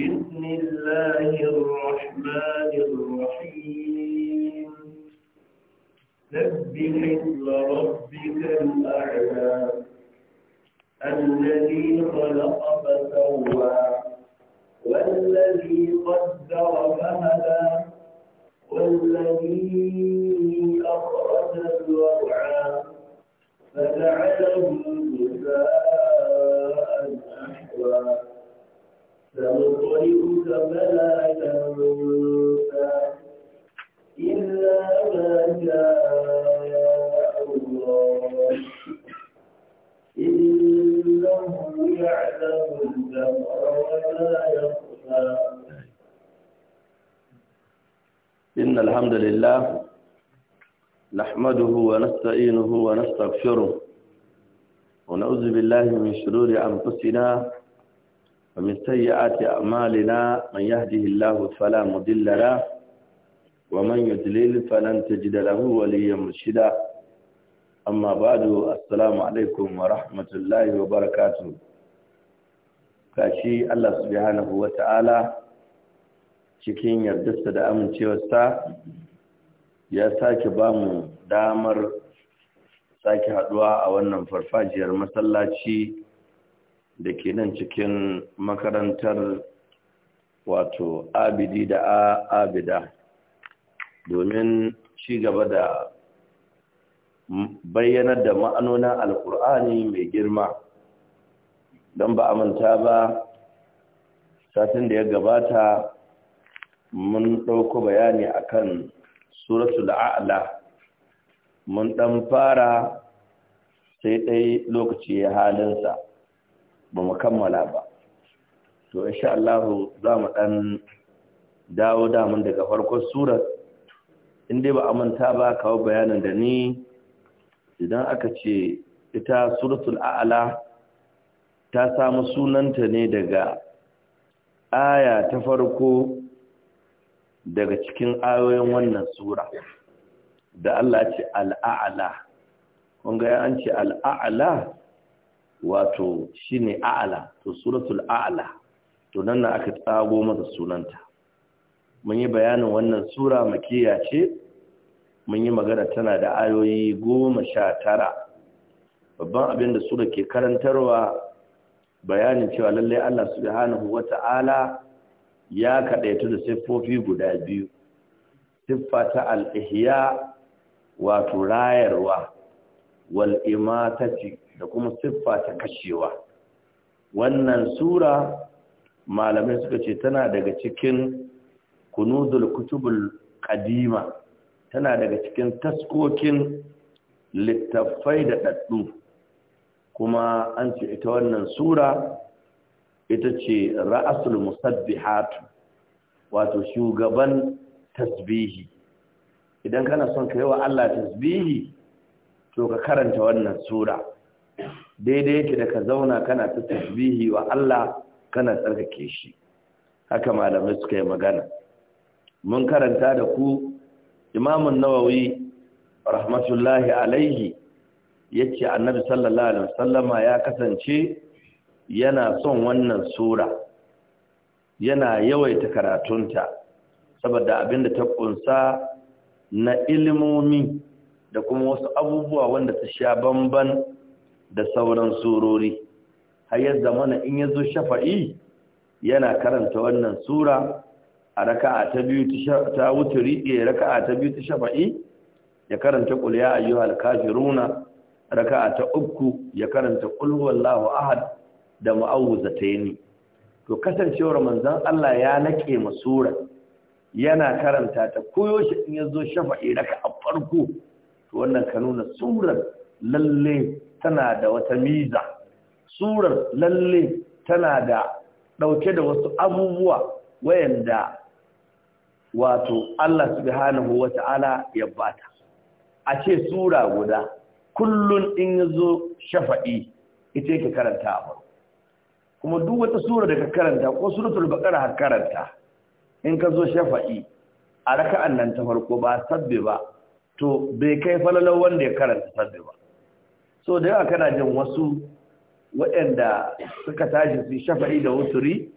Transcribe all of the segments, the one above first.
بسم الله الرحمن الرحيم سبح الأعلى الذي خلق والذي قدر فهدى والذي فجعله جزاء أحوى سنقرئك فلا تنسى إلا ما شاء الله إنه يعلم الجهر ولا يخفى إن الحمد لله نحمده ونستعينه ونستغفره ونعوذ بالله من شرور أنفسنا ومن سيئات أعمالنا من يهده الله فلا مضل له ومن يضلل فلن تجد له وليا مرشدا أما بعد السلام عليكم ورحمة الله وبركاته kashi Allah subhanahu wata'ala cikin yardarsa da amincewarsa ya sake ba mu damar sake haduwa a wannan farfajiyar masallaci da ke nan cikin makarantar wato abidi da abida domin ci gaba da bayyanar da ma'anonin alkur'ani mai girma don ba manta ba satin da ya gabata mun ɗauko bayani akan suratul a'la mun dan fara sai dai lokaci ya halinsa ba mu kammala ba to insha Allah za mu dan dawo damun daga farkon surar in dai ba a manta ba kawo bayanin da ni idan aka ce ita suratul a'la ta samu sunanta ne daga aya ta farko daga cikin ayoyin wannan sura da Allah ce al'a'ala kunga ya an ce al'a'ala wato shine ne a'ala to suratul a'ala to nan na aka tsago masa sunanta mun yi bayanin wannan sura makiya ce mun yi magana tana da ayoyi goma sha tara babban abin da sura ke karantarwa bayanin cewa lallai Allah subhanahu wata'ala ya kaɗaitu da siffofi guda biyu siffa ta al'ihya wato rayarwa wal da kuma siffa ta kashewa wannan sura malamai suka ce tana daga cikin kunuzul kutubul kadima tana daga cikin taskokin littafai da ɗaɗɗu kuma an ce ita wannan sura ita ce ra'asul musabbihatu wato shugaban tasbihi idan kana son ka yi wa Allah tasbihi to ka karanta wannan sura daidai yake da ka zauna kana ta tasbihi wa Allah kana tsarkake shi haka malamai suka yi magana mun karanta da ku imamun nawawi rahmatullahi alaihi yace annabi sallallahu alaihi wasallama ya kasance yana son wannan sura yana yawaita karatunta saboda abinda ta kunsa na ilimomi da kuma wasu abubuwa wanda ta sha bamban da sauran surori har yadda mana in zo shafa'i yana karanta wannan sura a raka'a ta biyu ta wuturi ɗaya eh, raka'a ta biyu ta shafa'i ya karanta qul ya ayyuhal kafiruna raka'a ta uku ya karanta qul huwallahu ahad da mu'awuzataini to kasancewar manzon Allah ya nake masura yana karanta ta koyo shi in yazo shafa'i raka a farko to wannan ka nuna surar lalle tana da wata miza surar lalle tana da ɗauke da wasu abubuwa wayanda wato Allah subhanahu wata'ala ya bata a ce sura guda kullun in yazo shafa'i ita yake karanta a farko kuma duk wata sura da ka karanta ko suratul baqara har karanta in ka zo shafa'i a raka'an nan ta farko ba sabbi ba to bai kai falalar wanda ya karanta sabbi ba so da yawa kana jin wasu waɗanda suka tashi su shafa'i da wuturi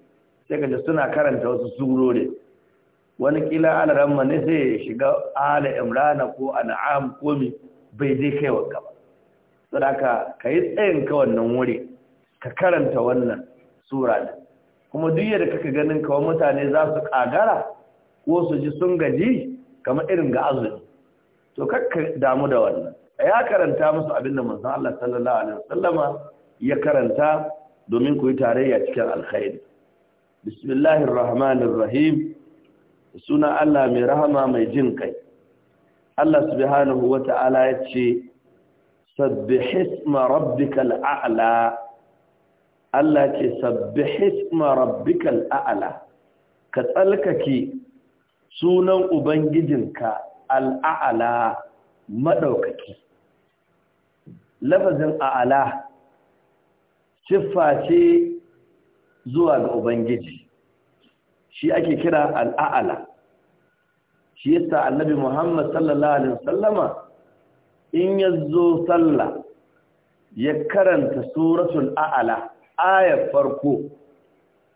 sai ka suna karanta wasu surori wani kila alaran ne sai ya shiga ala imrana ko an'am ko mi bai dai kai wa gaba saboda ka yi tsayin ka wannan wuri ka karanta wannan sura ne kuma duk yadda kaka ganin kawai mutane za su kagara ko su ji sun gaji kama irin ga azumi to kakka damu da wannan A ya karanta musu abin da manzon Allah sallallahu alaihi wasallama ya karanta domin ku yi tarayya cikin alkhairi bismillahir rahmanir rahim suna Allah mai rahama mai jin kai Allah subhanahu wata'ala ya ce sabbih isma rabbikal a'la Allah ke sabbi ma rabbikal a'la ka tsalkake sunan ubangijinka al'a'la madaukaki lafazin a'la siffa ce zuwa ga ubangiji shi ake kira al'a'la shi yasa annabi Muhammad sallallahu alaihi wasallama in yazo sallah ya karanta suratul a'la ayar farko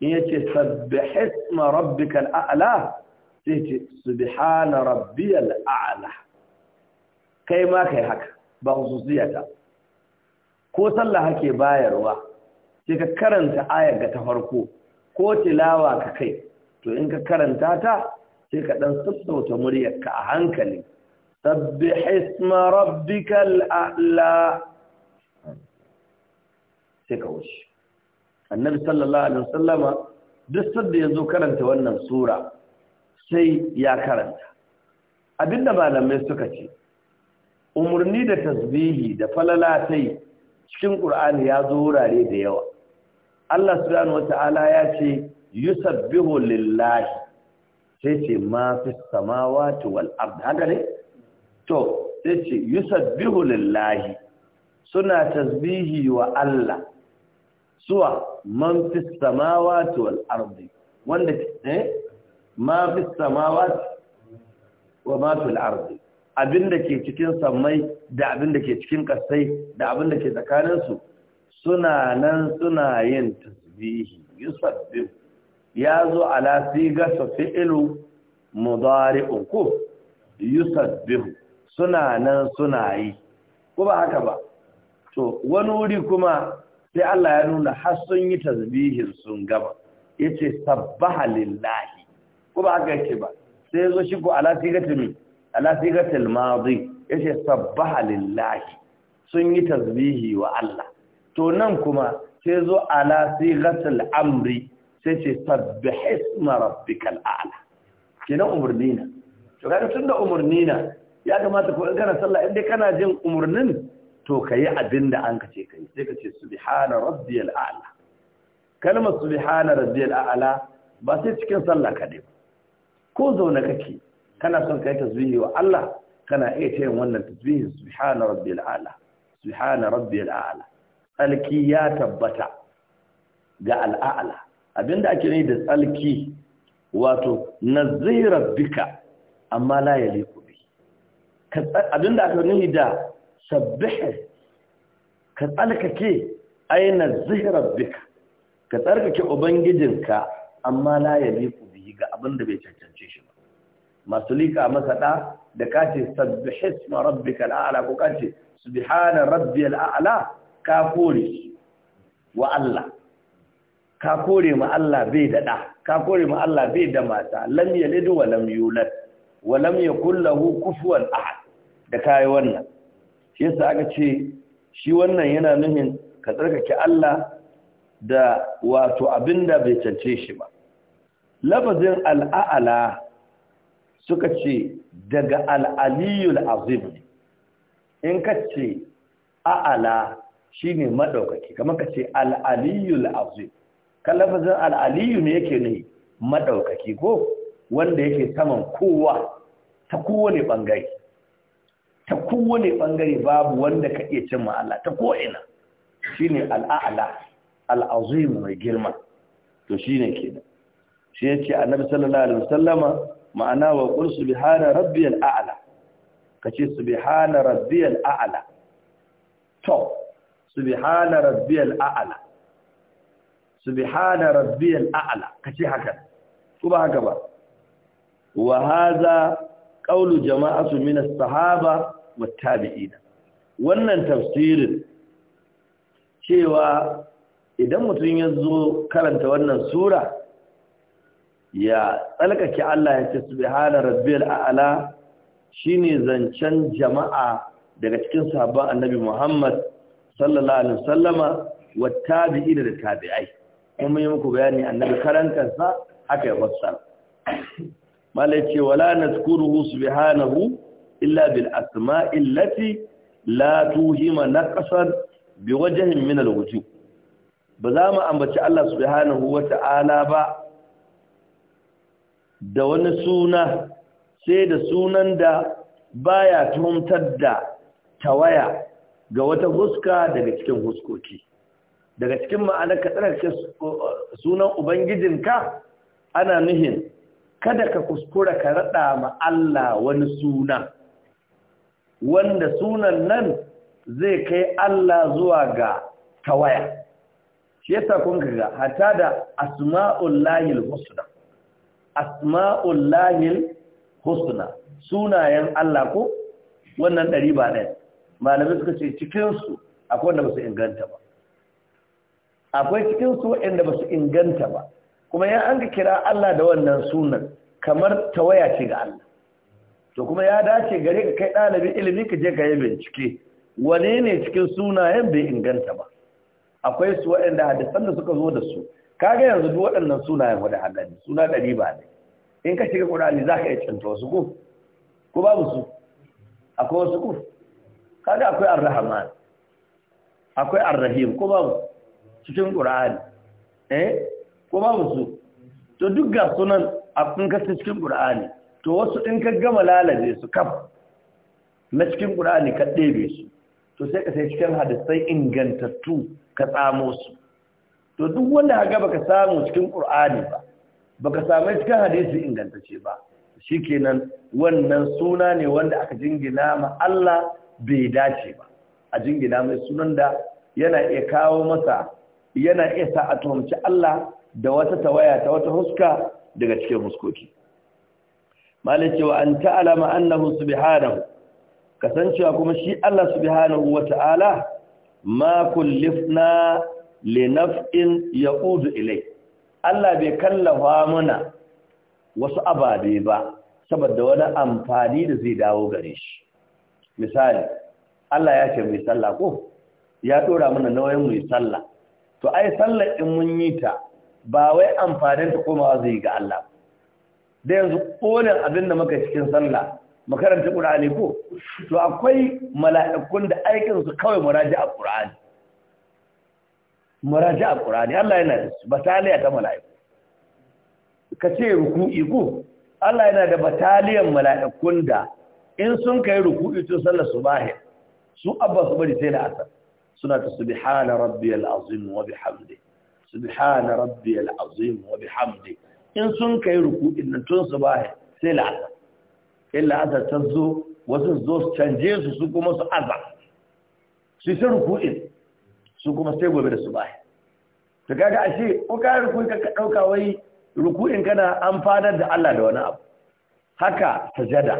in yace sabbihisma rabbikal a'la sai ce subhana rabbiyal a'la kai ma kai haka ba hususiyata ko sallah hake bayarwa sai ka karanta ayar ga ta farko ko tilawa ka kai to in ka karanta ta sai ka dan sassauta muryarka a hankali sabbih isma rabbikal a'la sai ka wuce annabi sallallahu alaihi wasallama duk sanda yazo karanta wannan sura sai ya karanta abinda malamai suka ce umarni da tasbihi da falalatai cikin qur'ani ya zo wurare da yawa Allah subhanahu wataala ya ce yusabbihu lillahi sai ce ma fi samawati wal ard haka ne to sai ce yusabbihu lillahi suna tasbihi wa Allah suwa man fi samawati wal ardi wanda eh ma fi samawa wa ma fi ardi abinda ke cikin samai, da abinda ke cikin kasai da abinda ke tsakanin su suna nan suna yin tasbihi yusabbih ya zo ala sigasa fi'ilu uku ko yusabbihu suna nan suna yi ko ba haka ba to wani wuri kuma sai Allah ya nuna har sun yi tasbihin sun gaba yace sabbaha lillahi ko ba haka yace ba sai yazo shi ko ala sigatul ala sigatul madi yace sabbaha lillahi sun yi tasbihi wa Allah to nan kuma sai zo ala amri sai ce sabbih isma rabbikal a'la kenan umurnina to ga tunda umurnina ya kamata ko in kana sallah in dai kana jin umurnin to ka yi abin da an ka ce ka yi sai ka ce subhana rabbiyal a'la kalmar subhana rabbiyal a'la ba sai cikin sallah ka ba ko zauna kake kana son kai tasbihi wa Allah kana iya tayin wannan tasbihi subhana rabbiyal a'la subhana rabbiyal a'la tsalki ya tabbata ga al'a'la abinda ake ne da tsalki wato nazira bika amma la yaliku bi abinda aka nuni da sabbihi ka tsarkake aina zihirar duka ka tsarkake ubangijinka amma la ya liku biyi ga abin da bai cancance shi ba masu liƙa masa ɗa da kace sabbihis ma rabbika al'ala ko kace subhana Rabbi a'la ka kore wa Allah ka kore ma Allah bai da ɗa ka kore ma Allah bai da mata lam yalid wa lam yulad wa lam yakul kufuwan ahad da kai wannan shi yasa aka ce shi wannan yana nuhin ka tsarkake Allah da wato abin da bai cance shi ba lafazin ala'la suka ce daga al'aliyul azim in ka ce a'ala shi ne maɗaukaki kamar ka ce al'aliyul azim kan lafazin al'aliyu ne yake ne maɗaukaki ko wanda yake saman kowa ta kowane ɓangare ta kowane bangare babu wanda ka iya cin Allah ta ko'ina ne al'a'ala al'azim mai girma to shi ke kenan shi ya yace annabi sallallahu alaihi wasallama ma'ana wa al’a’ala ka ce su bi hana rabbi al’a’ala to Rabbi su bi hana rabbi al’a’ala Ka ce haka ko ba haka ba wa hadha jama'a jama'atu min sahaba wattabi'ina wannan tafsirin cewa idan mutum ya zo karanta wannan sura ya tsalkake Allah ya ce subhana rabbil a'la shine zancen jama'a daga cikin sahabban annabi Muhammad sallallahu alaihi wasallama wattabi'ina da tabi'ai kuma yi muku bayani annabi karantarsa haka ya fassara malai ce wala nazkuruhu subhanahu illa bil asma'i allati la tuhima naqsan bi wajhin min al wujuh ba za mu ambaci Allah subhanahu wata'ala ba da wani suna sai da sunan da baya tuhumtar da tawaya ga wata huska daga cikin huskoki daga cikin ma'anar ka tsarkake sunan ubangijinka ana nuhin kada ka kuskura ka raɗa ma Allah wani suna wanda sunan nan zai kai Allah zuwa ga tawaya shi yasa kun ga hata da asma'ul lahil husna asma'ul lahil husna sunayen Allah ko wannan ɗari ba ɗaya malamai suka ce cikinsu akwai wanda ba su inganta ba akwai cikinsu waɗanda ba su inganta ba kuma ya an ka kira Allah da wannan sunan kamar tawaya ce ga Allah to kuma ya dace gare ka kai ɗalibin ilimi ka je ka yi bincike wane ne cikin sunayen bai inganta ba akwai su waɗanda hadisan da suka zo da su kaga yanzu duk waɗannan sunayen wani hadari suna ɗari ba ne in ka shiga ƙur'ani za ka iya cinta wasu ku ko babu su akwai wasu ku kaga akwai arrahman rahman akwai arrahim rahim ko babu cikin ƙur'ani eh ko babu su to duk ga sunan a kun kasance cikin ƙur'ani to wasu in ka gama lalace su kaf na cikin qur'ani ka ɗebe su to sai ka sai cikin hadisai ingantattu ka tsamo su to duk wanda ka samu cikin qur'ani ba baka samu cikin hadisi ingantacce ba shi shikenan wannan suna ne wanda aka jingina ma Allah bai dace ba a jingina mai sunan da yana iya kawo masa yana iya sa a tuhumci Allah da wata tawaya ta wata huska daga cikin muskoki. malai cewa an ta'alama annahu subhanahu kasancewa kuma shi Allah subhanahu wata'ala ma kullifna li naf'in ya'udu ilai Allah bai kallafa muna wasu ababe ba saboda wani amfani da zai dawo gare shi misali Allah ya ce mai sallah ko ya ɗora mana nauyin mu sallah to ai sallah in mun yi ta ba wai amfanin ta komawa zai ga Allah ba da yanzu ƙonin abin da muka cikin sallah makaranta ƙura'ani ko to akwai mala'ikun da aikinsu kawai muraji a ƙura'ani muraji a ƙura'ani Allah yana da su bataliya ta mala'iku ka ce ruku'i ko Allah yana da bataliyan mala'ikun da in sun kai ruku'i sallah sallar bahe su abba su bari sai da asar suna ta subhana rabbiyal azim wa bihamdi subhana rabbiyal azim wa bihamdi in sun kai ruku'in nan tun su baya sai la'asar sai la'asar ta zo wasu zo su canje su su kuma su aza su sai ruku'in su kuma sai gobe da su baya ta kaga ashe ko ka ruku'in ka ɗauka wai ruku'in kana an fadar da Allah da wani abu haka sajada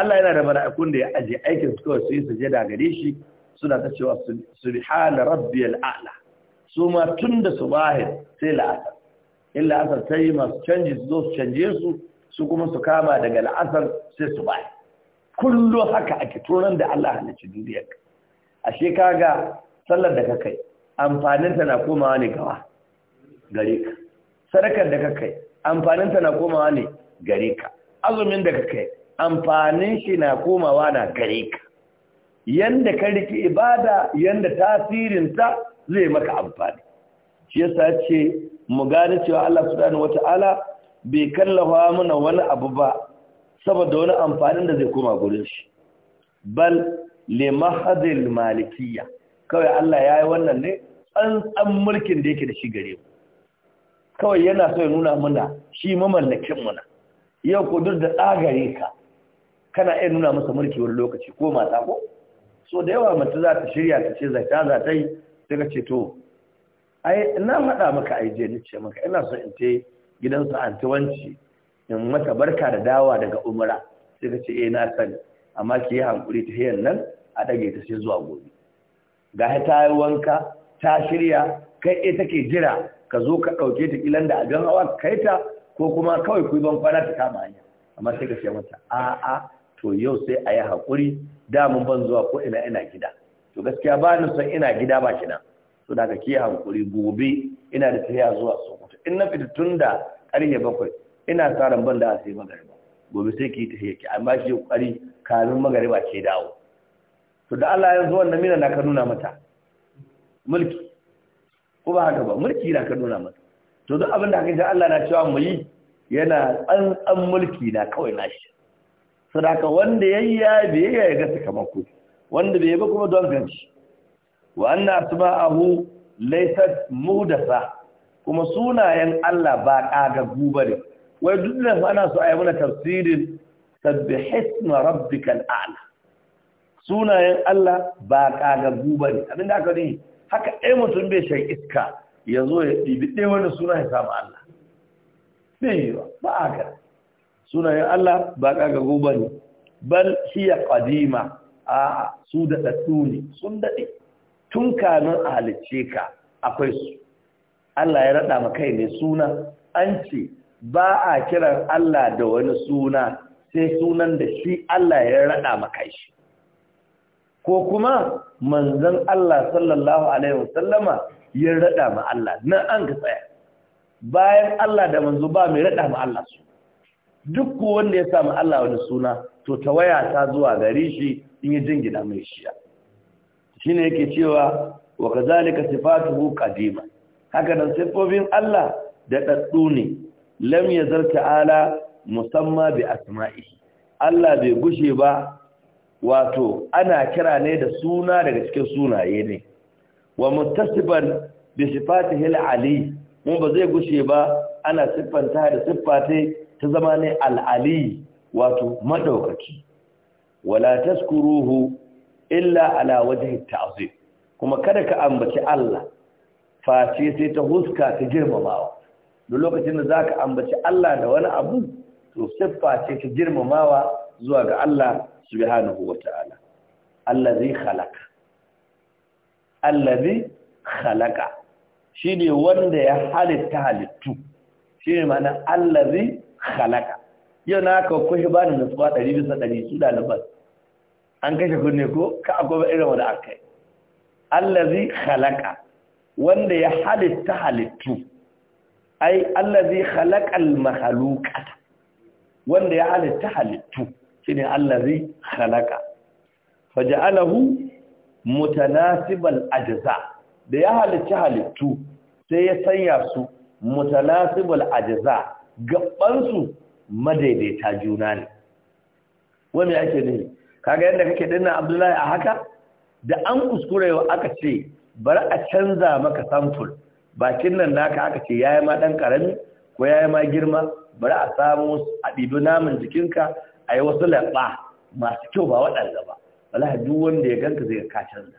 Allah yana da mala'ikun da ya aje aikin su kawai su yi sajada gare shi suna ta cewa subhana rabbiyal a'la su ma tun da subahir sai la'asar illa la'asar ta yi masu canji su zo su canje su su kuma su kama daga la'asar sai su baya kullum haka ake turan da Allah halicci duniyar ashe kaga sallar da ka kai amfaninta na komawa ne gawa gare ka sadakar da ka kai amfaninta na komawa ne gare ka azumin da ka kai amfanin shi na komawa na gare ka yanda ka riki ibada yanda tasirinta zai maka amfani shi yasa ce mu gane cewa Allah subhanahu wata'ala bai kallafa mana wani abu ba saboda wani amfanin da zai koma gurin shi bal mahadil malikiyya kawai Allah yayi wannan ne tsantsan mulkin da yake da shi gare mu kawai yana so ya nuna mana shi mamallakin mu na yau ko duk da tsagare ka kana iya nuna masa mulki wani lokaci ko mata ko so da yawa mace za ta shirya ta ce zata za ta yi sai ka ce to ai na faɗa maka ai je ni ce maka ina so in te gidansu wanci in mata barka da dawa daga umra sai ka ce eh na sani amma ki yi hankuri ta hiyar nan a ɗage ta sai zuwa gobe ga ta yi wanka ta shirya kai eh take jira ka zo ka ɗauke ta kilan da abin hawa ka kai ta ko kuma kawai ku ban kwana ta kama hanya amma sai ka ce mata a'a to yau sai a yi da damun ban zuwa ko ina ina gida to gaskiya ba ni son ina gida ba kina so da ka hankuri gobe ina da tafiya zuwa sokoto in na fita tun da ƙarfe bakwai ina sa ran ban da a sai magariba gobe sai ki tafiya ki amma ki kwari kamin magariba ke dawo to da Allah ya zo wannan mina na ka nuna mata mulki ko ba haka ba mulki na ka nuna mata to duk abin da kake Allah na cewa mu yi yana tsantsan mulki na kawai nashi sadaka wanda yayya bai ya ga sakamako wanda bai ba kuma don ganci Wannan, anna asma'ahu laysat mudasa kuma sunayen Allah ba kagaggu bane wai duk da ana so ayi mana tafsirin sabbihisma rabbikal a'la sunayen Allah ba kagaggu bane abinda aka yi haka ɗaya mutum bai shan iska ya ya ɗibi ɗaya wani suna ya samu Allah bai yi ba ba sunayen Allah ba kagaggu bane bal hiya qadima a su da ne sun daɗe tun kamin a halicce ka akwai su Allah ya raɗa maka ne suna an ce ba a kiran Allah da wani suna sai sunan da shi Allah ya raɗa maka shi ko kuma manzon Allah sallallahu alaihi wasallama ya raɗa ma Allah nan an ka tsaya bayan Allah da manzo ba mai raɗa ma Allah su duk wanda ya samu Allah wani suna to tawaya ta zuwa gari shi in ya jingina mai shiya shine yake cewa wa kazalika sifatuhu qadima haka nan sifofin Allah da daddu ne lam yazal ta'ala musamma bi asma'ihi Allah bai gushe ba wato ana kira ne da suna daga cikin sunaye ne wa muttasiban bi sifatihi al-ali mu ba zai gushe ba ana siffanta da siffate ta zama ne al-ali wato madaukaki wala taskuruhu illa ala wajhi ta'zim kuma kada ka ambaci Allah face sai ta huska ta girmamawa duk lokacin da zaka ambaci Allah da wani abu to sai ce ta girmamawa zuwa ga Allah subhanahu wata'ala allazi khalaqa allazi khalaqa shine wanda ya halitta halittu shine ma'ana allazi khalaqa yau na ka kuhi bani nutsuwa 100 bisa 100 su an kashe kunne ko ka akwai irin wanda aka yi allazi halaka wanda ya halitta halittu ai allazi khalaqal mahalukata. wanda ya halitta halittu shine allazi halaka faja'alahu mutanasibal ajza da ya halitta halittu sai ya sanya su mutanasibal ajza gaban su madaidaita juna ne wani ake kaga yadda kake dinnan abdullahi a haka da an kuskurewa aka ce bari a canza maka samfur bakin nan naka aka ce yayi ma dan karami ko yayi ma girma bari a samu a ɗibi naman jikinka a yi wasu laɓa masu kyau ba waɗanda ba wallahi duk wanda ya ganka zai ka canza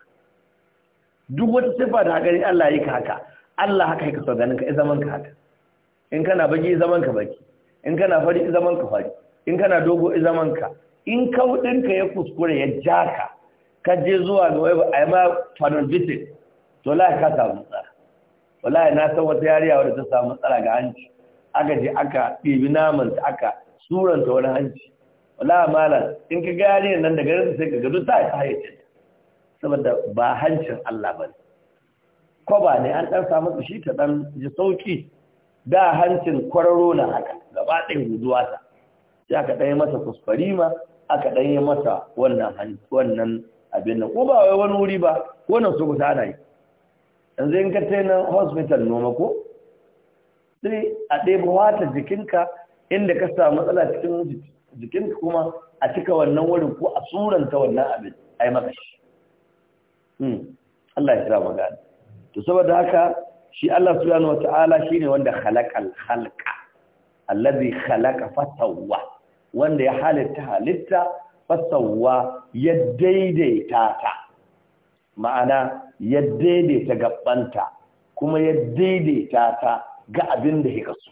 duk wata sifa da gani Allah yi ka haka Allah haka yake so ganin ka i zaman ka haka in kana baki i zaman ka baki in kana fari i zaman ka fari in kana dogo i zaman ka in kaudinka ya kuskure ya ja ka je zuwa ga wai ai ma panoditis to la ka samu tsara wallahi na san wata yariya wadda ta samu tsara ga hanci aka je aka ɗibi naman ta aka suranta wani hanci wallahi malam in ka gani nan da garin sai ka gado ta ta hayyace saboda ba hancin Allah bane ko ba ne an dan samu shi ta dan ji sauki da hancin kwararo na haka gaba ɗaya guduwa ta sai aka ɗaya masa ma aka ɗaya masa wannan abin nan ko ba wai wani wuri ba wannan su kusa ana yi yanzu in ka nan hospital noma ko sai a ɗaya wata jikinka inda ka samu matsala cikin jikinka kuma a cika wannan wurin ko a suranta wannan abin a yi maka shi hmm. Allah ya sa magana to saboda haka shi Allah subhanahu wata'ala shine wanda khalaqal khalqa allazi khalaqa fatawwa wanda ya halitta halitta fasawa ya daidaita ta ma'ana ya daidaita gabbanta kuma ya daidaita ta ga abin da ya so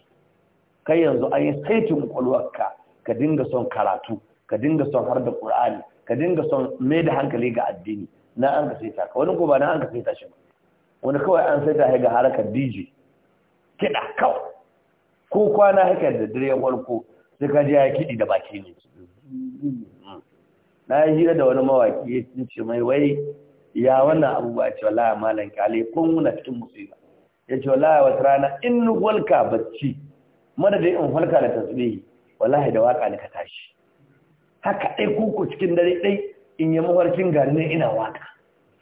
kai yanzu an yi saitin kwalwarka ka dinga son karatu ka dinga son har da ƙur'ani ka dinga son mai da hankali ga addini na an ka saita ka wani kuma na an ka saita shi wani kawai an saita ya ga harakar dj kiɗa kawai ko kwana haka da dare farko sai ka ya kiɗi da baki ne na yi hira da wani mawaki ya ce mai wai ya wannan abubuwa ce ya malam kale kun wuna cikin musiba ya ce ya wata rana in walka bacci madadin in walka da tasbihi ya da waka ka tashi haka ɗai kuku cikin dare ɗai in yi mafarkin gari ne ina waka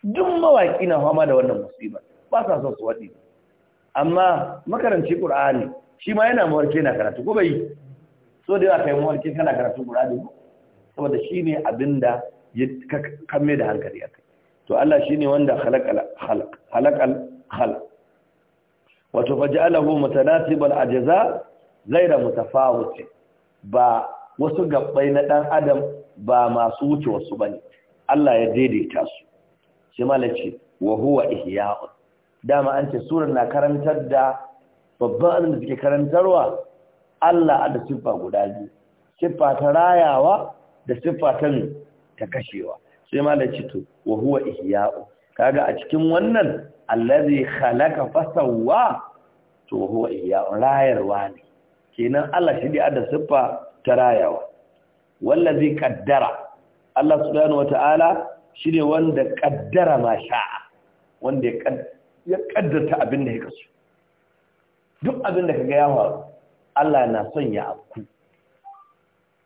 duk mawaki na fama da wannan musiba ba sa son su waɗi amma makaranci ƙur'ani shi ma yana mawarke na karatu ko bai so da yawa kai mu warke kana karatu Qur'ani saboda shine abinda ya kame da hankali akai to Allah shi ne wanda halakal khalaq khalaqal khalaq wato faj'alahu zai da ghayra mutafawit ba wasu gabbai na ɗan adam ba masu wuce wasu ba ne. Allah ya daidaita su shi malace wa huwa ihya'un dama an ce surar na karantar da babban abin da suke karantarwa Allah da siffa guda biyu siffa ta rayawa da siffa ta ta kashewa sai ma da to wa huwa ihya'u kaga a cikin wannan allazi khalaqa fasawwa to wa huwa ihya'u rayarwa ne kenan Allah shi da da siffa ta rayawa wallazi qaddara Allah subhanahu wataala ne wanda qaddara ma sha'a wanda ya kaddarta abin da ya kasu duk abin da kaga ya faru Allah na son ya afku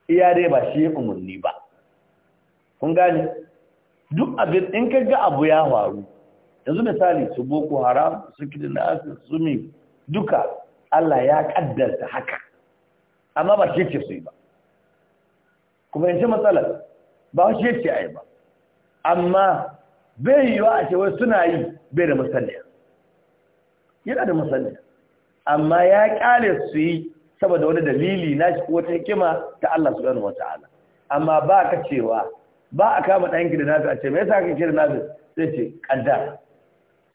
iya dai ba shi umarni ba kun gane duk abin in ka ga abu ya faru yanzu misali su boko haram su kidin asir su mi duka Allah ya kaddarta haka amma ba shi ce su yi ba kuma yanzu matsalar ba shi ce a yi ba amma bai yi wa a cewar suna yi bai da musaniya yana da musaniya amma ya kyale su yi saboda wani dalili na shi wata hikima ta Allah subhanahu wataala amma ba ka cewa ba a kama ɗanki da na a ce me yasa ka kira nafi sai ce kaddara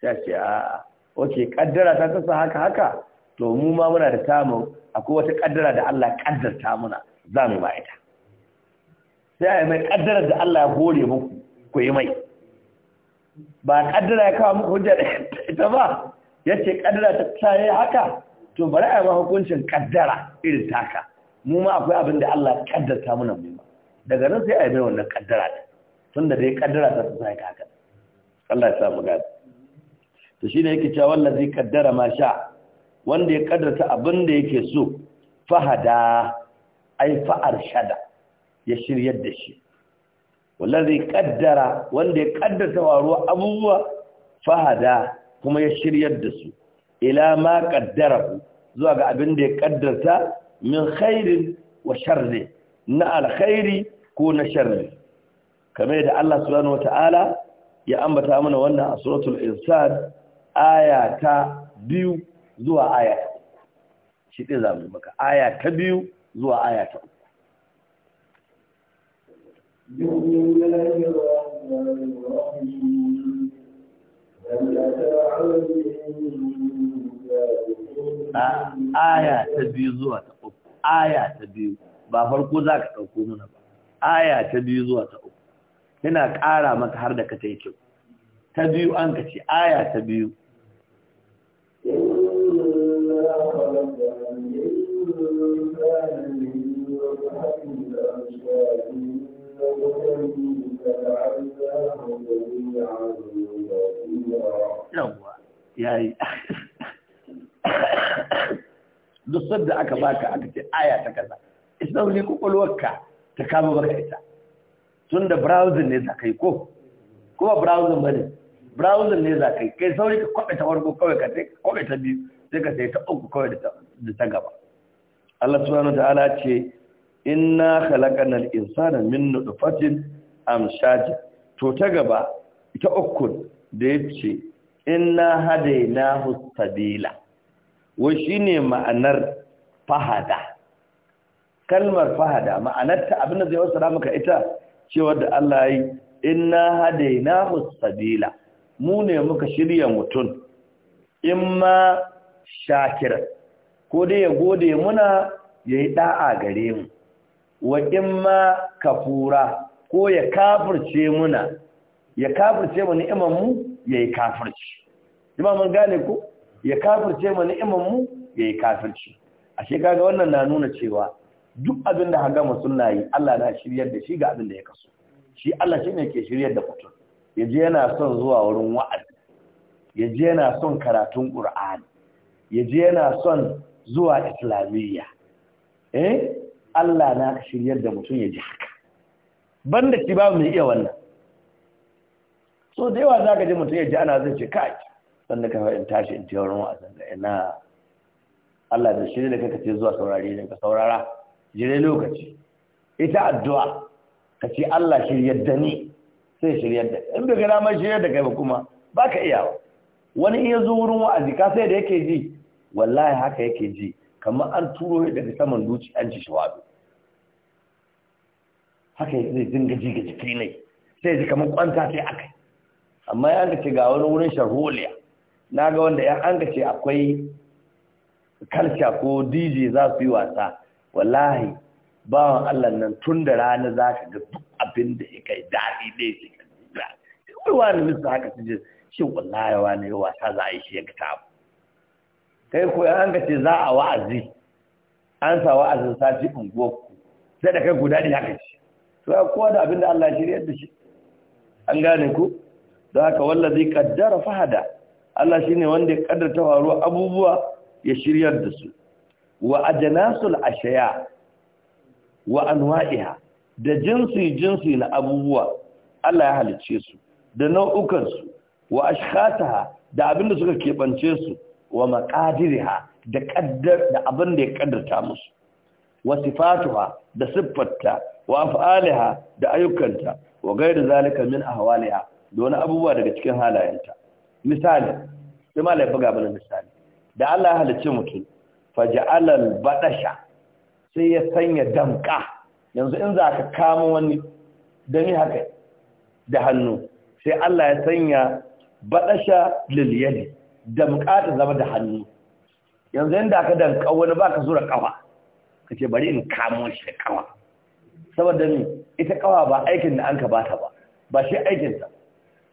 sai ce a oke kaddara ta tsasa haka haka to mu ma muna da tamu akwai wata kaddara da Allah kaddarta muna za mu ba ita sai a yi mai kaddara da Allah ya gore muku ku yi mai ba kaddara ya kawo muku hujja ita ba yace kaddara ta tsaye haka to bari a yi hukuncin kaddara irin taka mu ma akwai abin da Allah ya kaddarta mana mu daga nan sai a yi mai wannan kaddara ta tun da dai kaddara ta sa sai haka Allah ya samu gadi to shine yake cewa wallazi kaddara ma sha wanda ya kaddarta abin da yake so fahada ai fa'ar shada ya shiryar da shi wallazi kaddara wanda ya kaddarta waro abubuwa fahada kuma ya shiryar da su ila ma qaddara zuwa ga abin da ya kaddarta min khairin wa sharri na alkhairi ko na sharri kamar da Allah subhanahu wataala ya ambata mana wannan a suratul insan aya ta biyu zuwa aya ta shi ɗin za mu maka aya ta biyu zuwa aya ta uku Thank you. aya ta biyu zuwa ta uku aya ta biyu ba farko za ka ɗauko mana ba aya ta biyu zuwa ta uku yana ƙara maka har da ka ta yi kyau ta biyu an ka ce aya ta biyu yawwa yi dusar da aka baka aka ce aya ta kaza ita ne kwakwalwarka ta kama baka ita tun da browsing ne za ka yi ko kuma browser ba ne browsing ne za ka yi kai sauri ka kwaɓe ta farko kawai ka sai kwaɓe ta biyu sai ka sai ta uku kawai da ta gaba Allah subhanahu wa ta'ala ce inna khalaqana al-insana min nutfatin amshaj to ta gaba ita uku da yace inna hadaynahu sabila wai shine ma'anar fahada kalmar fahada ma'anarta abin da zai wasara maka ita cewa da Allah yi inna hadainahu sabila mu ne muka shirya mutum In ma shakir ko dai ya gode muna ya yi ɗa'a gare mu wa ma kafura ko ya kafirce muna ya kafirce mu ni'imar mu yi kafirci imamun mun gane ko ya kafirce ma ni'imar mu yayi kafirci ashe kaga wannan na nuna cewa duk abin da hagama sunna yi Allah na shiryar da shi ga abin da ya kaso shi Allah shine ke shiryar da mutum yaje yana son zuwa wurin wa'azi yaje yana son karatun Qur'ani yaje yana son zuwa islamiyya eh Allah na shiryar da mutum yaje haka banda ki ba mu iya wannan so da yawa zaka ji mutum yaje ana zai kai sannan ka in tashi in ce wurin wasan da ina Allah da shi da kake ce zuwa saurare ne ka saurara jire lokaci ita addu'a ka ce Allah shi yadda ni sai shi yadda in ba ga mai shi yadda kai ba kuma ba ka ba. wani iya zo wurin wa'azi ka sai da yake ji wallahi haka yake ji kamar an turo daga saman duci an ci shawabi haka yake zai dinga ji ga jiki ne sai ji kamar kwanta sai akai amma ya ga ce ga wani wurin sharholiya na ga wanda yan an ce akwai kalca ko dj za su yi wasa wallahi bawan allah nan tun da rana za ka ga duk abin da ya kai daɗi ɗaya shi ka jira sai wani mista haka su je shi wallahi wani ya wasa za a yi shi ya gata abu kai ko yan an ce za a wa'azi an sa wa'azin sati unguwarku sai da kai guda ne haka ce to ya kowa da abin da allah ya shirya da shi an gane ku Don haka wallazi kaddara fahada Allah shi ne wanda ya ta faru abubuwa ya shiryar da su wa a ajnasul ashya wa anwa'iha da jinsi jinsi na abubuwa Allah ya halicce su da nau'ukansu wa ashkhataha da abin da suka keɓance su wa makadiriha da ƙaddar da abin da ya kaddarta musu wa sifatuha da siffarta wa af'aliha da ayyukanta wa da zalika min a hawaliha da wani abubuwa daga cikin halayenta misali sai malai buga mana misali da Allah ya halicci mutum faja'alal badasha sai ya sanya damka yanzu in za ka kama wani dani haka da hannu sai Allah ya sanya badasha lil yadi damka ta zama da hannu yanzu inda ka danka wani baka zura kafa kace bari in kamo shi da kafa saboda ni ita kafa ba aikin da anka bata ba ba shi aikin ta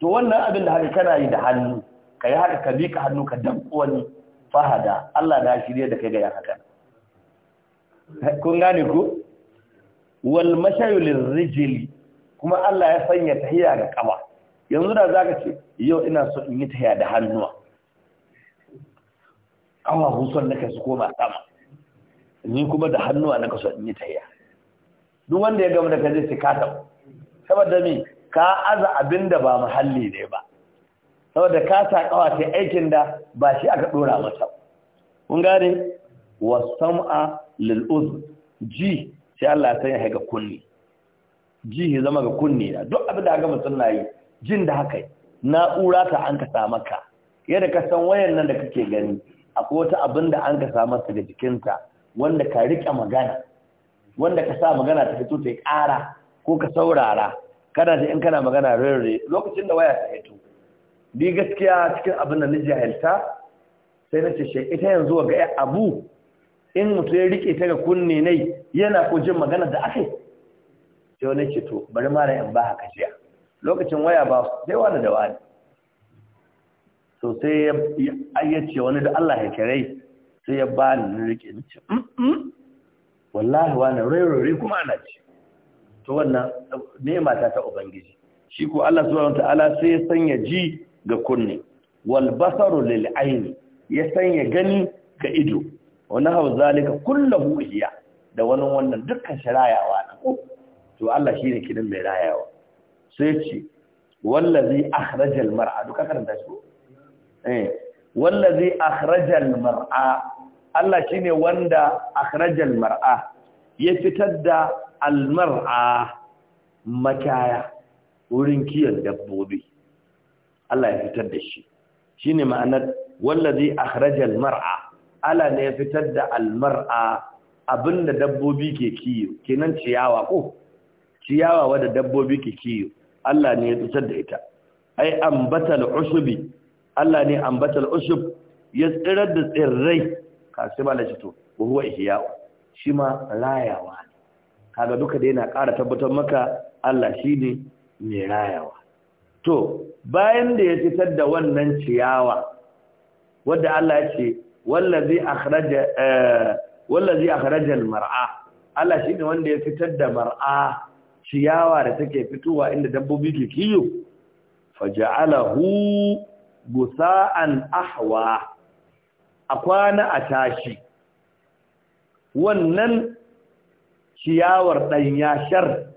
to wannan abin da haka kana yi da hannu ka yi haka ka ka hannu ka damƙo wani fahada Allah na shirye da kai ga yan haka kun gane ku wal mashayu lirrijili kuma Allah ya sanya tahiya ga kaba yanzu da zaka ce yau ina so in yi tahiya da hannuwa kawa huson nake su koma sama ni kuma da hannuwa nake so in yi tahiya duk wanda ya gama da kaje sai ka tabu saboda me ka aza abin da ba muhalli ne ba saboda ka saƙawa ta aikin da ba shi aka ɗora masa kun gane sama lil'uz ji sai Allah ya sanya ga kunni ji ya zama ga kunni na duk abin da aka mutum na yi jin da haka na'ura ta an ka maka yadda ka san wayan nan da kake gani akwai wata abin da an ka samu su ga jikinta wanda ka riƙe magana wanda ka sa magana ta fito ta yi ƙara ko ka saurara Kada sai in kana magana rere lokacin da waya ta haito ni gaskiya cikin abin da ni halta sai na ce shi ita yanzu ga ya abu in mutu ya rike ta ga kunne nai yana ko jin magana da akai sai wani ce to bari mara in ba haka jiya lokacin waya ba sai wani da wani so sai ya ce wani da Allah ya kare sai ya ba ni rike ni ce wallahi wani rere kuma ana ce to wannan nema ta ta ubangiji shi ko Allah subhanahu ta'ala sai ya sanya ji ga kunne wal basaru lil aini ya sanya gani ga ido wa hau zalika kullahu hiya da wani wannan dukkan shirayawa na ko to Allah shine kidan mai rayawa sai ce wallazi akhrajal mar'a duka karanta shi eh wallazi akhrajal mar'a Allah shine wanda akhrajal mar'a ya fitar da almar'a makaya wurin kiyon dabbobi Allah ya fitar da shi shine ma'anar wallazi akhraja almar'a Allah ne ya fitar da almar'a abinda dabbobi ke kiyo kenan ciyawa ko ciyawa wadda dabbobi ke kiyo Allah ne ya fitar da ita ai ambatal ushubi Allah ne ambatal ushub ya tsirar da tsirrai kasu ba da shi to huwa ihya shi ma rayawa ne kaga duka da yana ƙara tabbatar maka Allah shi ne mai rayawa to bayan da ya fitar da wannan ciyawa wadda Allah ya ce wallazi zai eh, wallazi mara Allah shi ne wanda ya fitar da mar'a ciyawa da take fitowa inda dabbobi ke kiyo faja'alahu gusa'an ahwa a kwana a tashi wannan ciyawar ɗanya shar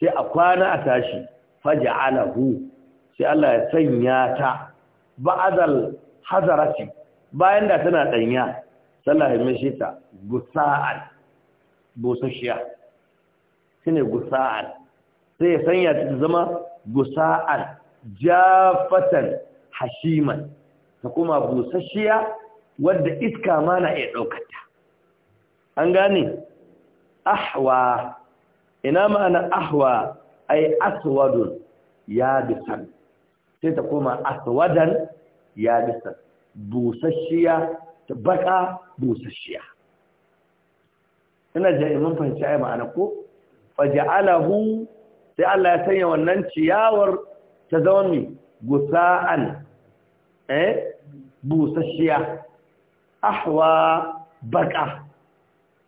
sai a kwana a tashi faji alahu sai Allah ya sanya ta ba'azal hazarati bayan da tana ɗanya sallah ya mishi ta gusa'al busashiya shi ne sai ya sanya ta zama gusa'al jafatan hashiman ta kuma busashiya wadda iska ma na iya ɗaukata an gane ahwa ina ma'ana ahwa ay aswadun ya bisan sai ta koma aswadan ya bisan busasshiya ta baka busasshiya ina ja imin fahimci ai ma'ana ko faj'alahu sai Allah ya sanya wannan ciyawar ta zama mi gusa'an eh busasshiya ahwa baka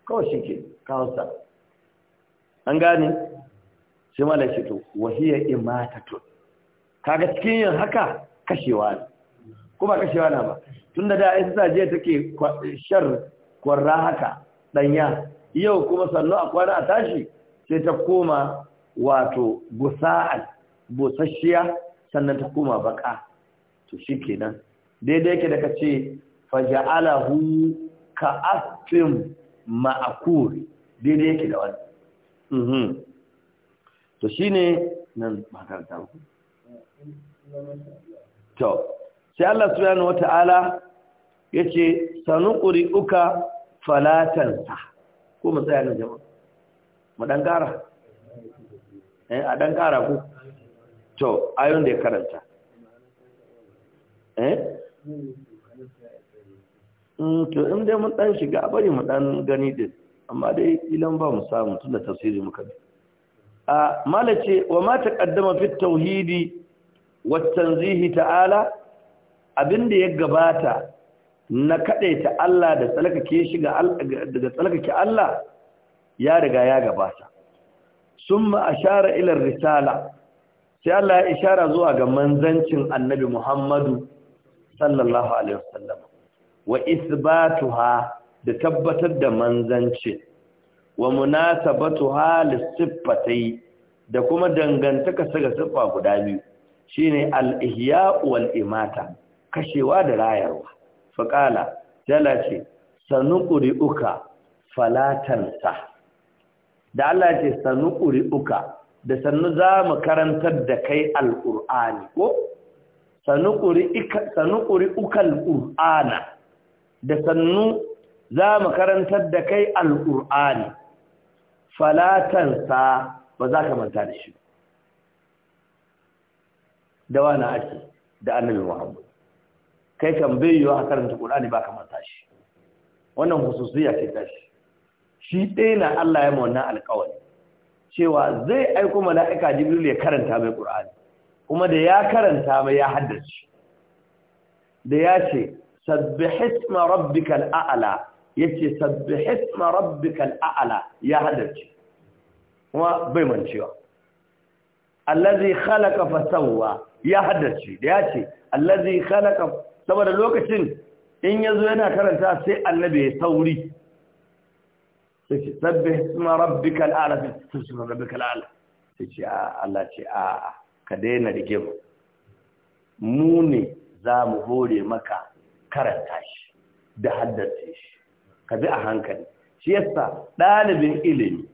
kawai shi ke kawansa an gane sai malar to mata imatatun kaga cikin yin haka kashewa ne kuma kashewa na ba tun da da isa je take shar kwarra haka ɗanya, yau kuma sannu a kwana a tashi sai ta koma wato gusa'al busasshiya sannan ta koma baka to shi ke nan. daidai yake da ka ce faja'alahu ka asfin Ma'akuri, daidai yake da wani mhm. to shi ne nan makarta ku to sai Allah subhanahu wata'ala ya ce sanuƙuri uka falatansa ko mu tsaya na jama'a mu ɗan ƙara eh a ɗan ƙara ku to ayon da ya karanta eh Mm, to in dai mun dan shiga bari mu dan gani din amma dai ilan ba mu samu tun da tafsiri muka bi a malace wa ma taqaddama fi tauhidi wa tanzihi ta'ala abinda ya gabata na kadaita Allah da tsalkake shi ga daga tsalkake Allah ya riga ya gabata summa ashara ila risala sai Allah ya ishara zuwa ga manzancin Annabi Muhammadu sallallahu alaihi wasallam wa isbatuha da tabbatar da manzanci wa munasabatuha lisiffatai da kuma dangantaka ga siffa guda biyu shine al-ihya wal imata kashewa da rayarwa faqala jala ce sanuquri uka falatansa da Allah ce sanuquri uka da sannu za mu karantar da kai al-qur'ani ko sanuquri uka al-qur'ana da sannu za mu karantar da kai al'ur'ani falatansa ba za ka manta da shi da wani ake da annabi muhammad kai kan bai a karanta Al-Ƙulani ba ka manta shi wannan hususiyya ce ta shi shi ɗaya na Allah ya wannan alƙawar cewa zai aiko mala'ika jibril ya karanta mai ƙur'ani kuma da ya karanta mai ya haddace da ya ce sabbihisma rabbikal a'la yace sabbihisma rabbikal a'la ya hadarci kuma bai mancewa allazi khalaqa fasawwa ya hadarci da yace allazi khalaqa saboda lokacin in yazo yana karanta sai annabi ya sauri sai sabbihisma rabbikal a'la rabbikal a'la sai Allah ce a'a ka daina rike mu mu ne za mu hore maka karanta shi da haddace shi ka bi a hankali shi yasa ɗalibin ilimi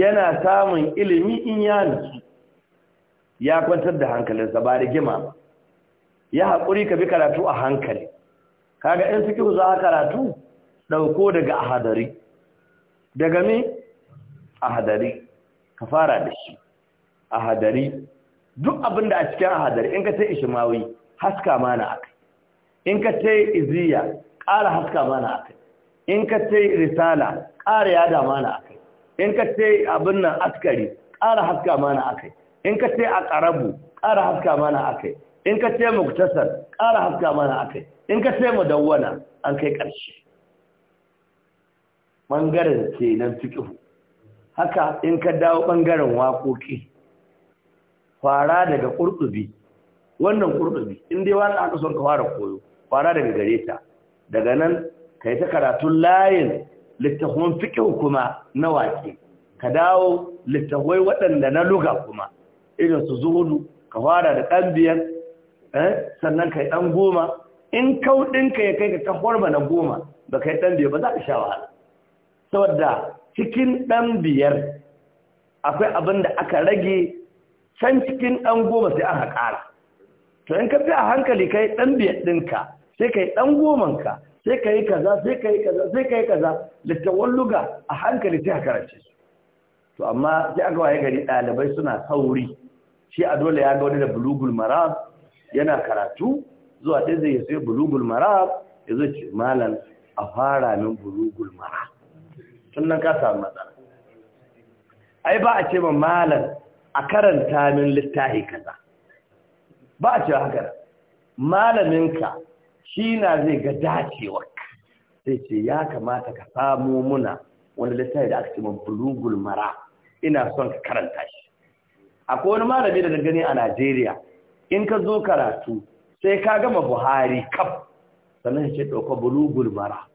yana samun ilimi in ya nutsu ya kwantar da hankalinsa ba da gima ya haƙuri ka bi karatu a hankali kaga in suke za a karatu ɗauko daga ahadari daga mi ahadari ka fara da shi ahadari duk abinda a cikin ahadari in ka sai ishimawi haska mana akai in ka ce iziya ƙara haska mana a kai in ka ce risala ƙara yada mana a kai in ka ce abin nan askari ƙara haska mana a kai in ka ce a ƙarabu ƙara haska mana a kai in ka ce muktasar ƙara haska mana a kai in ka ce madawwana an kai ƙarshe ɓangaren ce nan fiƙihu haka in ka dawo ɓangaren waƙoƙi fara daga ƙurɗubi wannan ƙurɗubi in dai wani aka son ka fara koyo fara daga gare ta daga nan ka yi ta karatun layin littafin fikin kuma na waƙe ka dawo littafai waɗanda na luga kuma irin su zuhudu ka fara da ɗan biyar eh, sannan ka yi ɗan goma in kauɗinka ya kai ka kafar na goma ba ka yi ɗan biyar ba za ka sha wahala saboda cikin ɗan biyar akwai abin da aka rage can cikin ɗan goma sai aka ƙara to in ka fi a hankali ka yi ɗan biyar ɗinka sai ka yi ɗan gomanka sai ka yi kaza sai ka yi kaza sai ka yi kaza littawan luga a hankali sai a karance su to amma sai aka waye gari ɗalibai suna sauri shi a dole ya ga wani da bulugul marab yana karatu zuwa ɗaya zai sai bulugul marab ya zo ce malam a fara min bulugul marab tun nan ka samu matsala ai ba a ce ma malam a karanta min littafi kaza ba a ce haka malaminka shi na zai ga dacewa sai ce ya kamata ka samu muna wani littafi da aka ce man bulugul mara ina son ka karanta shi akwai wani malami da gani a Najeriya in ka zo karatu sai ka gama Buhari kaf sannan ce dauka bulugul mara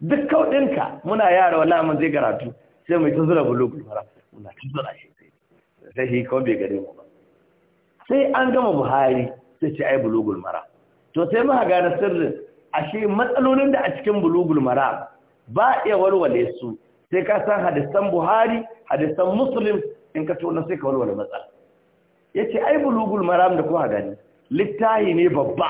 duk kaudinka muna yara wallahi mun zai karatu sai mu ta zura bulugul mara muna ta zura shi sai shi kawai bai gare mu ba sai an gama Buhari sai ce ai bulugul mara to sai muka gane sirrin ashe matsalolin da a cikin bulugul maram ba iya walwale su sai ka san hadisan buhari hadisan muslim in ka tona sai ka walwale matsala yace ai bulugul maram da kuka gani littahi ne babba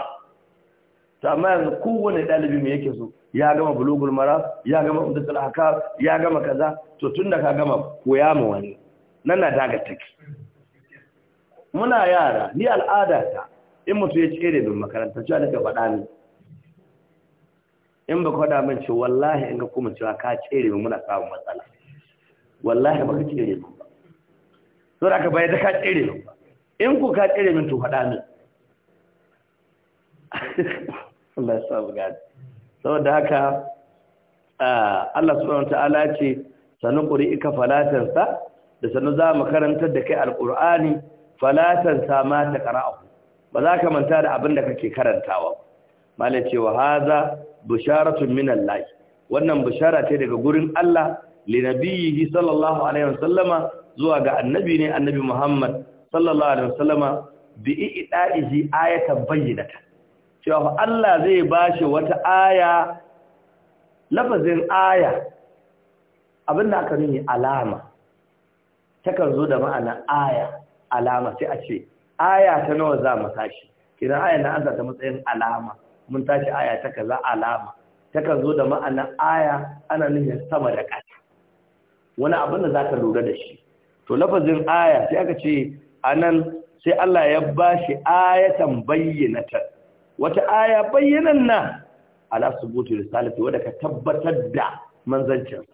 to amma yanzu kowane dalibi me yake so ya gama bulugul maram ya gama umdatul ahkam ya gama kaza to tunda ka gama koya mu wani nan na daga take muna yara ni al'ada ta in mutu ya cere bin makaranta cewa daga faɗa ne in ba kwada min ce wallahi in ga kuma cewa ka cere min muna samun matsala wallahi ba ka cere min ba so da aka bayar da ka cere min ba in ku ka cere min to faɗa min Allah ya sabu gadi saboda haka Allah subhanahu ta'ala ce sanu ika falatansa da sanu za mu karantar da kai alqur'ani falatansa ma ta qara'u ba za ka manta da abin da kake karantawa malai cewa haza bisharatun min Allah wannan bishara ce daga gurin Allah li nabiyhi sallallahu alaihi wasallama zuwa ga annabi ne annabi Muhammad sallallahu alaihi wasallama bi idaihi ayatan bayyinata cewa Allah zai bashi wata aya lafazin aya abin da aka nuni alama takan zo da ma'ana aya alama sai a ce aya ta nawa za mu tashi idan aya na an ta matsayin alama mun tashi aya ta kaza alama kan zo da ma'anar aya ana nufin sama da ƙasa wani abin da za ka lura da shi to lafazin aya sai aka ce anan sai Allah ya ba shi ayatan ta. wata aya bayyanan na ala subutu risalati wadda ka tabbatar da manzancin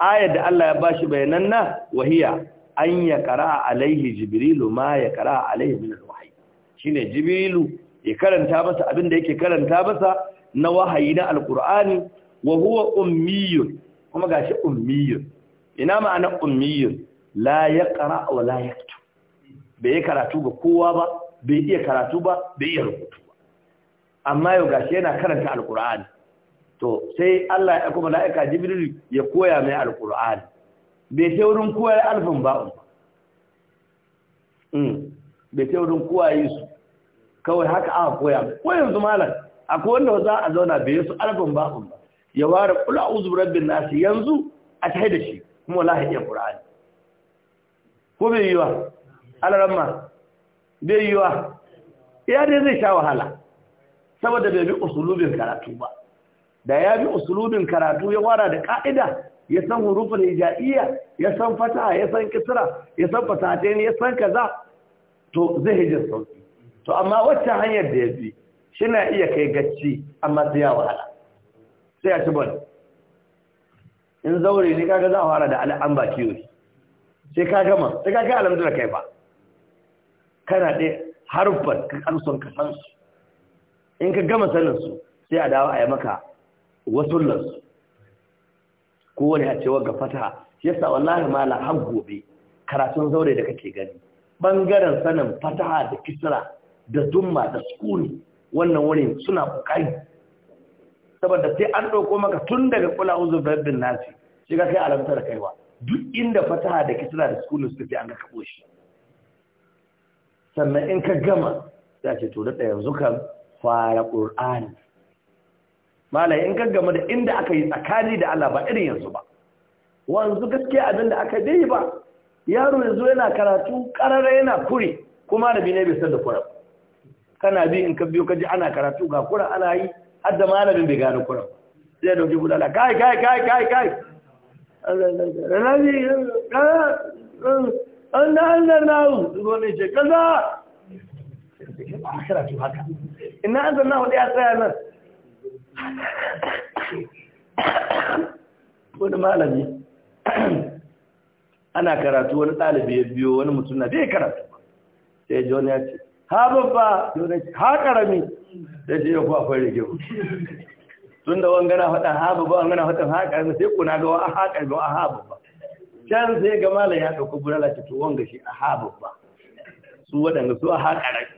Aya da Allah ya ba shi bayanan na wahiya an ya kara alaihi jibrilu ma ya kara alaihi min alwahyi shine jibrilu ya karanta masa abin da yake karanta masa na wahayi na alqur'ani wa huwa ummiyun kuma gashi ummiyun ina ma'ana ummiyun la yaqra wa la yaktub bai karatu ga kowa ba bai iya karatu ba bai iya rubutu ba amma yau gashi yana karanta alqur'ani to sai Allah ya aika malaika jibril ya koya mai alqur'ani bai ce wurin kowa ya alfin ba'un hmm. bai ce wurin kowa yi su kawai haka aka koya ko yanzu malam akwai wanda za a zauna bai yi su alfin ba'un ba ya ware kula uzu rabin nasi yanzu a ta da shi kuma lahi iya qur'ani ko bai yi wa alarama bai yi wa ya dai zai sha wahala saboda bai bi usulubin karatu ba da ya bi usulubin karatu ya wara da ka'ida ya san hurufin hija'iyya ya san fata ya san kisra ya san ne, ya san kaza to zai hijin sauki to amma wacce hanyar da ya bi shi na iya kai gacci amma sai ya wahala sai ya ci bani. in zaure ne kaga za a fara da al'an ba kiwo sai ka gama sai ka ga alamdu da kai ba kana ɗaya harufar ka son ka san su in ka gama sanin su sai a dawo a yi maka lansu kowane a cewa ga fataha sa wallahi mala har gobe karatun zaure da kake gani bangaren sanin fataha da kisra da zumma da sukuni wannan wurin suna kokari saboda sai an ɗauko maka tun daga kula uzu babbin nasi shiga ga kai alamta da kaiwa duk inda fataha da kisra da sukuni suka fi an ka kabo shi sannan in ka gama za ce to da yanzu kan fara ƙur'ani. malai in gaggama da inda aka yi tsakani da Allah ba irin yanzu ba wanzu gaskiya abin da aka dai ba yaro yanzu yana karatu karara yana kure kuma da bi ne bai san da kura kana bi in ka biyo ka ji ana karatu ga kura ana yi har da malamin bai gane kura sai dauki gudala kai kai kai kai kai ranabi an da an da nawo zuwa ne ce kaza ina an zanna wani ya tsaya nan wani malami ana karatu wani ɗalibi ya biyo wani mutum na bai karatu sai John ya ce ha babba ya ce ha karami sai ce yau kuwa rigi gyau tun da gana faɗin ha babba gana faɗin ha karami sai kuna ga a ha karami a ha babba can sai ga malam ya ɗauki burala ce to wanga shi a ha babba su waɗanda su a ha karami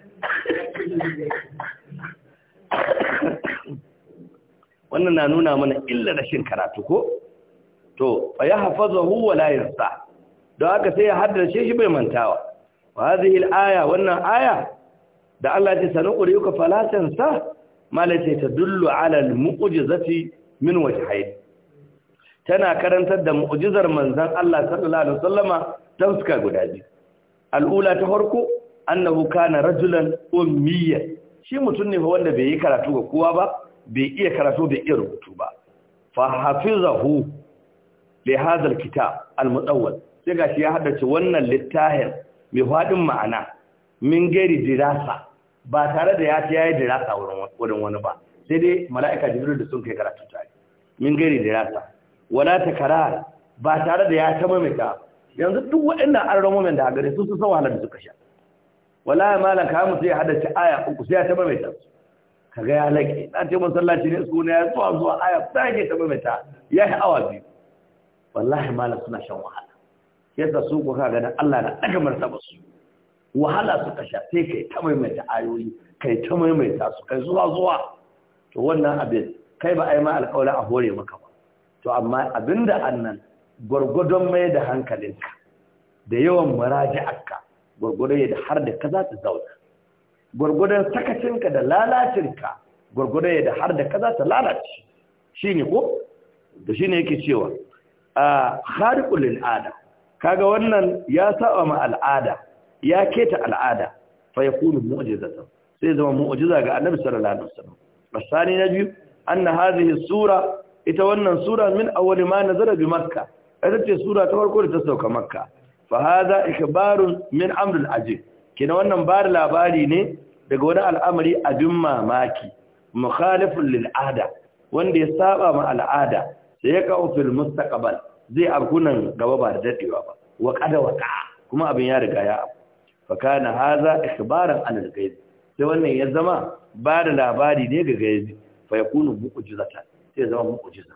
wannan na nuna mana illa rashin karatu ko to fa yahfazuhu wa la yarsa don haka sai ya haddace shi bai mantawa wa hadhihi al wannan aya da Allah ya sanuri ka falatan sa malaka ta dullu ala al-mu'jizati min wajhayn tana karantar da mu'jizar manzon Allah sallallahu alaihi wasallama ta fuska guda biyu al'ula ta farko annahu kana rajulan ummiyan shi mutum ne wanda bai yi karatu ga kowa ba bai iya karatu bai iya rubutu ba fa hafizahu li hadha alkitab almudawwal sai gashi ya haddace wannan littafin mai fadin ma'ana min gairi dirasa ba tare da ya ta yayi dirasa wurin wani ba sai dai mala'ika jibril da sun kai karatu tare min gairi dirasa wala takrar ba tare da ya ta mamita yanzu duk waɗannan arromomin da a gare su su san wahalar da suka sha wala malaka mu sai ya haddace aya uku sai ya ta mamita su kaga ya laƙe na ce masallaci ne su ne ya zuwa zuwa aya yake ta mamita ya yi awa biyu wallahi malam suna shan wahala yadda su ka gani. Allah na ɗaga martaba su wahala suka sha sai kai ta maimaita ayoyi kai ta maimaita su kai zuwa zuwa to wannan abin kai ba a yi ma alƙawarin a hore maka ba to amma abin da annan gwargwadon mai da hankalinka da yawan muraji'arka ya da har da ka za ta zauna gwargwadon sakacinka da lalacinka gwargwadon da har da kaza ta lalace shi ne ko da shi ne yake cewa a harikul al'ada kaga wannan ya saba ma al'ada ya keta al'ada fa yakunu mu'jizatan sai zama mu'jiza ga annabi sallallahu alaihi wasallam basani na biyu anna hadhihi sura ita wannan sura min awwal ma nazara bi makka ita ce sura ta farko da ta sauka makka fa hadha ikbarun min amrul ajib kina wannan ba da labari ne daga wani al'amari abin mamaki mukhalifun lil'ada wanda ya saba ma al'ada sai ya kawo fil mustaqbal zai nan gaba ba da dadewa ba wa wa waqa kuma abin ya riga ya abu fa kana haza ikhbaran al gaizi sai wannan ya zama ba da labari ne ga Gaizi. fa yakunu mu'jizatan sai zama mu'jiza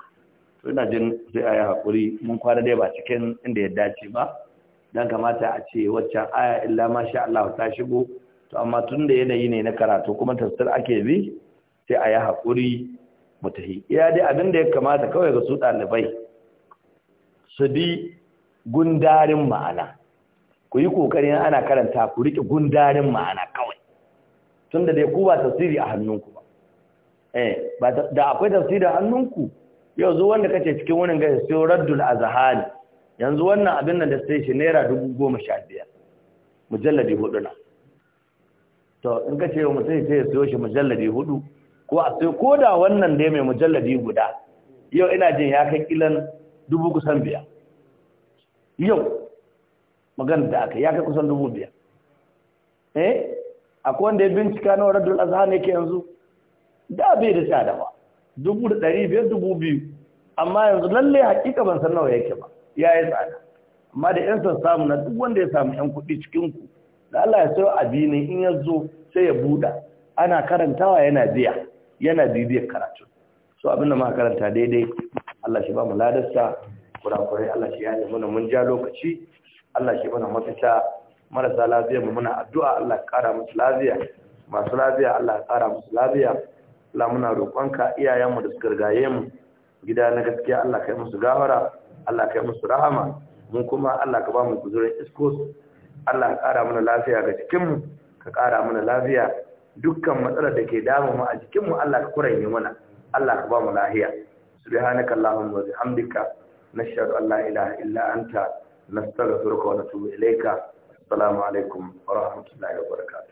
to ina jin sai yi hakuri mun kwana dai ba cikin inda ya dace ba dan kamata a ce waccan aya illa ma Allah ta shigo to amma tun da yanayi ne na karatu kuma tafsir ake bi sai a yi haƙuri mu iya dai abin da ya kamata kawai ga su ɗalibai su bi gundarin ma'ana ku yi ƙoƙarin ana karanta ku riƙe gundarin ma'ana kawai da dai ku ba tafsiri a hannunku ba eh da akwai tafsiri a hannunku yau zo wanda kace cikin wurin ga sai raddul azhari yanzu wannan abin nan da sai shi naira dubu goma sha biyar mujalladi hudu na to in ka ce wa mutum sai ya siyo shi mujalladi hudu ko a sai ko da wannan dai mai mujalladi guda yau ina jin ya kai kilan dubu kusan biyar yau magana da aka ya kai kusan dubu biyar eh akwai wanda ya bincika na dole azhar ne ke yanzu da bai da sha dawa dubu da ɗari biyar dubu biyu amma yanzu lalle hakika ban san nawa yake ba ya yi tsada amma da yan san samu na duk wanda ya samu yan kuɗi cikin ku da Allah ya sayo addini in ya zo sai ya buɗa ana karantawa yana biya yana bibiyar karatu so abin da muka karanta daidai Allah shi ba mu ladarsa kurakurai Allah shi ya yi mana mun ja lokaci Allah shi mana mafita marasa lafiya mu muna addu'a Allah kara musu lafiya masu lafiya Allah kara musu lafiya Allah muna roƙonka iyayenmu da su gargaye mu gida na gaskiya Allah kai musu gawara Allah kai musu rahama mun kuma Allah ka ba mu guzurin iskos Allah ka ƙara mana lafiya ga jikinmu ka ƙara mana lafiya dukkan matsalar da ke damu mu a jikinmu Allah ka kuranye mana Allah ka ba mu lafiya subhanaka allahumma wa bihamdika nashhadu an la ilaha illa anta nastaghfiruka wa natubu ilayka assalamu alaikum wa rahmatullahi wa barakatuh